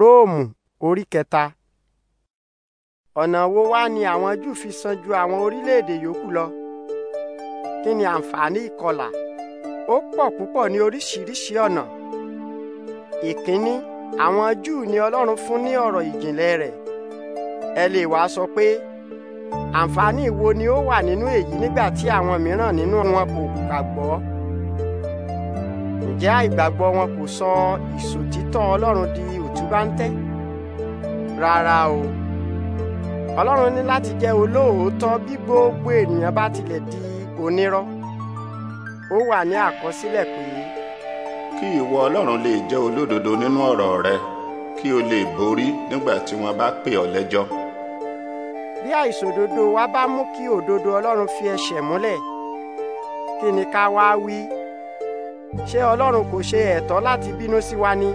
róòmù orí kẹta. ọ̀nà wo wá ni àwọn júù fi sàn ju àwọn orílẹ̀-èdè yòókù lọ? kí ni àǹfààní ìkọlà? ó pọ̀ púpọ̀ ní oríṣiríṣi ọ̀nà. ìkíní àwọn júù ni ọlọ́run fún ní ọ̀rọ̀ ìjìnlẹ̀ rẹ̀. ẹ lè wá sọ pé àǹfààní wo ni ó wà nínú èyí nígbà tí àwọn mìíràn nínú wọn kò gbàgbọ́ ǹjẹ́ àìgbàgbọ́ wọn kò sọ ìṣòtítọ́ Ọlọ́run di òtúbáńtẹ́ rárá o Ọlọ́run ní láti jẹ́ olóòótọ́ bí gbogbo ènìyàn bá tilẹ̀ di onírọ́ ó wà ní àkọsílẹ̀ pé. kí ìwọ Ọlọ́run lè jẹ́ olódodo nínú ọ̀rọ̀ rẹ kí o lè borí nígbà tí wọ́n bá pè ọ́ lẹ́jọ́. bí àìṣòdodo wa bá mú kí òdodo Ọlọ́run fi ẹsẹ̀ múlẹ̀ kí ni ká wá wí ṣé ọlọ́run kò ṣe ẹ̀tọ́ láti bínú sí wa ni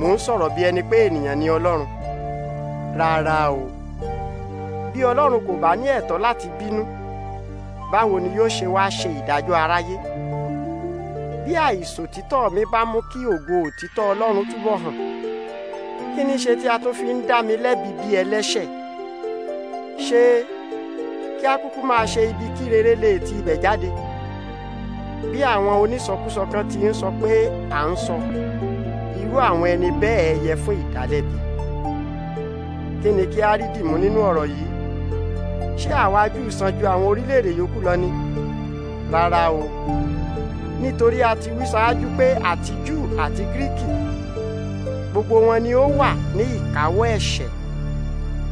mò ń sọ̀rọ̀ bí ẹni pé ènìyàn ni ọlọ́run rárá o bí ọlọ́run kò bá ní ẹ̀tọ́ láti bínú báwo ni yóò ṣe wá ṣe ìdájọ́ aráyé bí àìṣòtítọ́ mi bá mú kí ògo òtítọ́ ọlọ́run túbọ̀ hàn kí ni ṣe tí a tún fi ń dá mi lẹ́bi bí ẹlẹ́ṣẹ̀ ṣé kí a kúkú máa ṣe ibi kí rere lè ti ibẹ̀ jáde bí àwọn onísọkúsọ kan ti ń sọ pé à ń sọ irú àwọn ẹni bẹ́ẹ̀ yẹ fún ìdálẹ́bi kí ni kí á rí dìmú nínú ọ̀rọ̀ yìí ṣé àwa Júù sàn ju àwọn orílẹ̀-èdè yòókù lọ ni rárá o nítorí a ti wí ṣáájú pé àti Júù àti Gíríkì gbogbo wọn ni ó wà ní ìkáwọ́ ẹ̀ṣẹ̀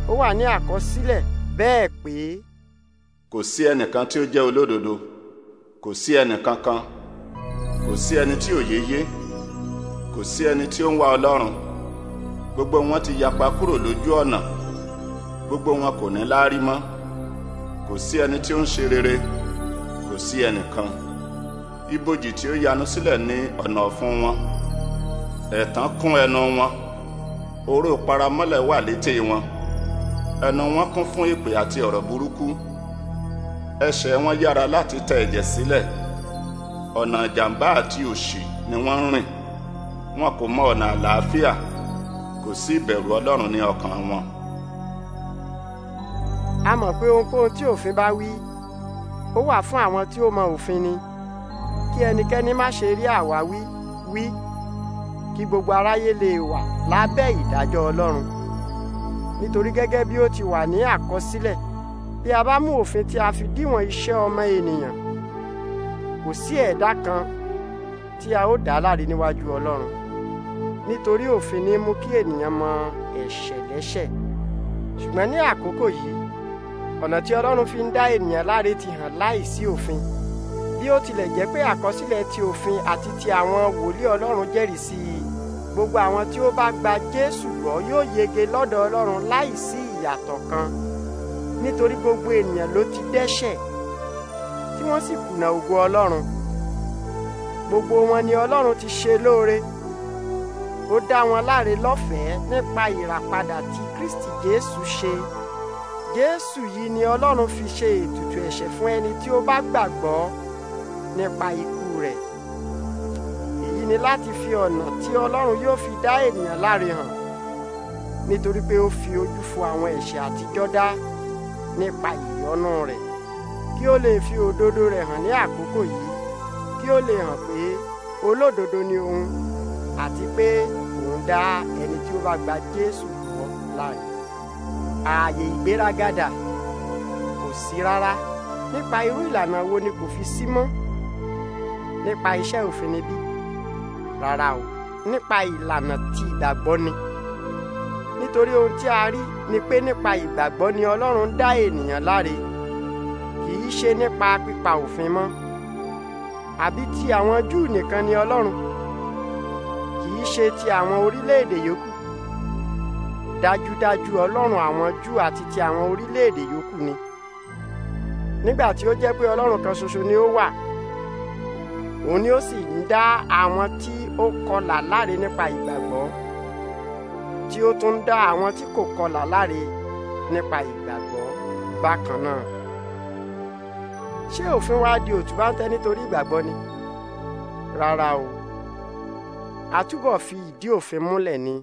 ó wà ní àkọsílẹ̀ bẹ́ẹ̀ pé. kò sí ẹnìkan tí ó jẹ́ olódodo. kò sí ẹnì kankan kò sí ẹni tí òye yé kò sí ẹni tí ó ń wá ọlọ́run gbogbo wọn ti yapa kúrò lójú ọ̀nà gbogbo wọn kò ní láárí mọ́ kò sí ẹni tí ó ń ṣe rere kò sí ẹnìkan ibojì tí ó yanu sílẹ̀ ní ọ̀nà ọ̀fun wọn ẹ̀tàn kún ẹnu wọn oró paramọ́lẹ̀ wà létí wọn ẹnu wọn kún fún èpè àti ọ̀rọ̀ burúkú. ẹsẹ̀ wọn yára láti tẹ ẹ̀jẹ̀ sílẹ̀ ọ̀nà ìjàmbá àti òṣì ni wọ́n ń rìn wọn kò mọ ọ̀nà àlàáfíà kò sí ìbẹ̀rù ọlọ́run ní ọkàn wọn. a mọ̀ pé ohunkóhun tí òfin bá wí ó wà fún àwọn tí ó mọ òfin ni kí ẹnikẹ́ni má ṣe rí àwáwí wí kí gbogbo aráyé lè wà lábẹ́ ìdájọ́ ọlọ́run nítorí gẹ́gẹ́ bí ó ti wà ní àkọsílẹ̀ bí a bá mú òfin tí a fi díwọ̀n iṣẹ́ ọmọ ènìyàn kò sí ẹ̀dá kan tí a ó dá láre níwájú Ọlọ́run nítorí òfin ní mú kí ènìyàn mọ ẹ̀ṣẹ̀ lẹ́ṣẹ̀ ṣùgbọ́n ní àkókò yìí ọ̀nà tí Ọlọ́run fi ń dá ènìyàn láre ti hàn láìsí òfin bí ó tilẹ̀ jẹ́ pé àkọsílẹ̀ ti òfin àti ti àwọn wòlíì Ọlọ́run jẹ́rìí sí i gbogbo àwọn tí ó bá gba Jésù gbọ́ yóò yege lọ́dọ̀ Ọlọ́run láìsí ìyàtọ̀ kan nítorí gbogbo ènìyàn ló ti dẹ́ṣẹ̀ tí wọ́n sì kùnà ògo Ọlọ́run gbogbo wọn ni Ọlọ́run ti ṣe lóore ó dá wọn láre lọ́fẹ̀ẹ́ nípa ìràpadà tí Kristi Jésù ṣe Jésù yìí ni Ọlọ́run fi ṣe ètùtù ẹ̀ṣẹ̀ fún ẹni tí ó bá gbàgbọ́ nípa ikú rẹ̀ èyí ni láti fi ọ̀nà tí Ọlọ́run yóò fi dá ènìyàn láre hàn nítorí pé ó fi ojú fo àwọn ẹ̀ṣẹ̀ àtijọ́ dá nípa ìyọ́nú rẹ̀ kí ó lè fi òdodo rẹ̀ hàn ní àkókò yìí kí ó lè hàn pé olódodo ni òun àti pé òun dá ẹni tí ó bá gba Jésù gbọ́ láàyè ààyè ìgbéragádà kò sí rárá nípa irú ìlànà wo ni kò fi sí mọ́ nípa iṣẹ́ òfin ni bí rárá o nípa ìlànà tí ìgbàgbọ́ ni nítorí ohun tí a rí ni pé nípa ìgbàgbọ́ ni Ọlọ́run dá ènìyàn láre kì í ṣe nípa pípa òfin mọ́ àbí ti àwọn Júù nìkan ni Ọlọ́run kì í ṣe ti àwọn orílẹ̀-èdè yòókù dájúdájú Ọlọ́run àwọn Júù àti ti àwọn orílẹ̀-èdè yòókù ni nígbà tí ó jẹ́ pé Ọlọ́run kan ṣoṣo ni ó wà òun ni ó sì ń dá àwọn tí ó kọlà láre nípa ìgbàgbọ́ tí ó tún dá àwọn tí kò kọlà láre nípa ìgbàgbọ́ bákan náà ṣé òfin wa di òtúbá ń tẹ́ nítorí ìgbàgbọ́ ni rárá o àtúbọ̀ fi ìdí òfin múlẹ̀ ni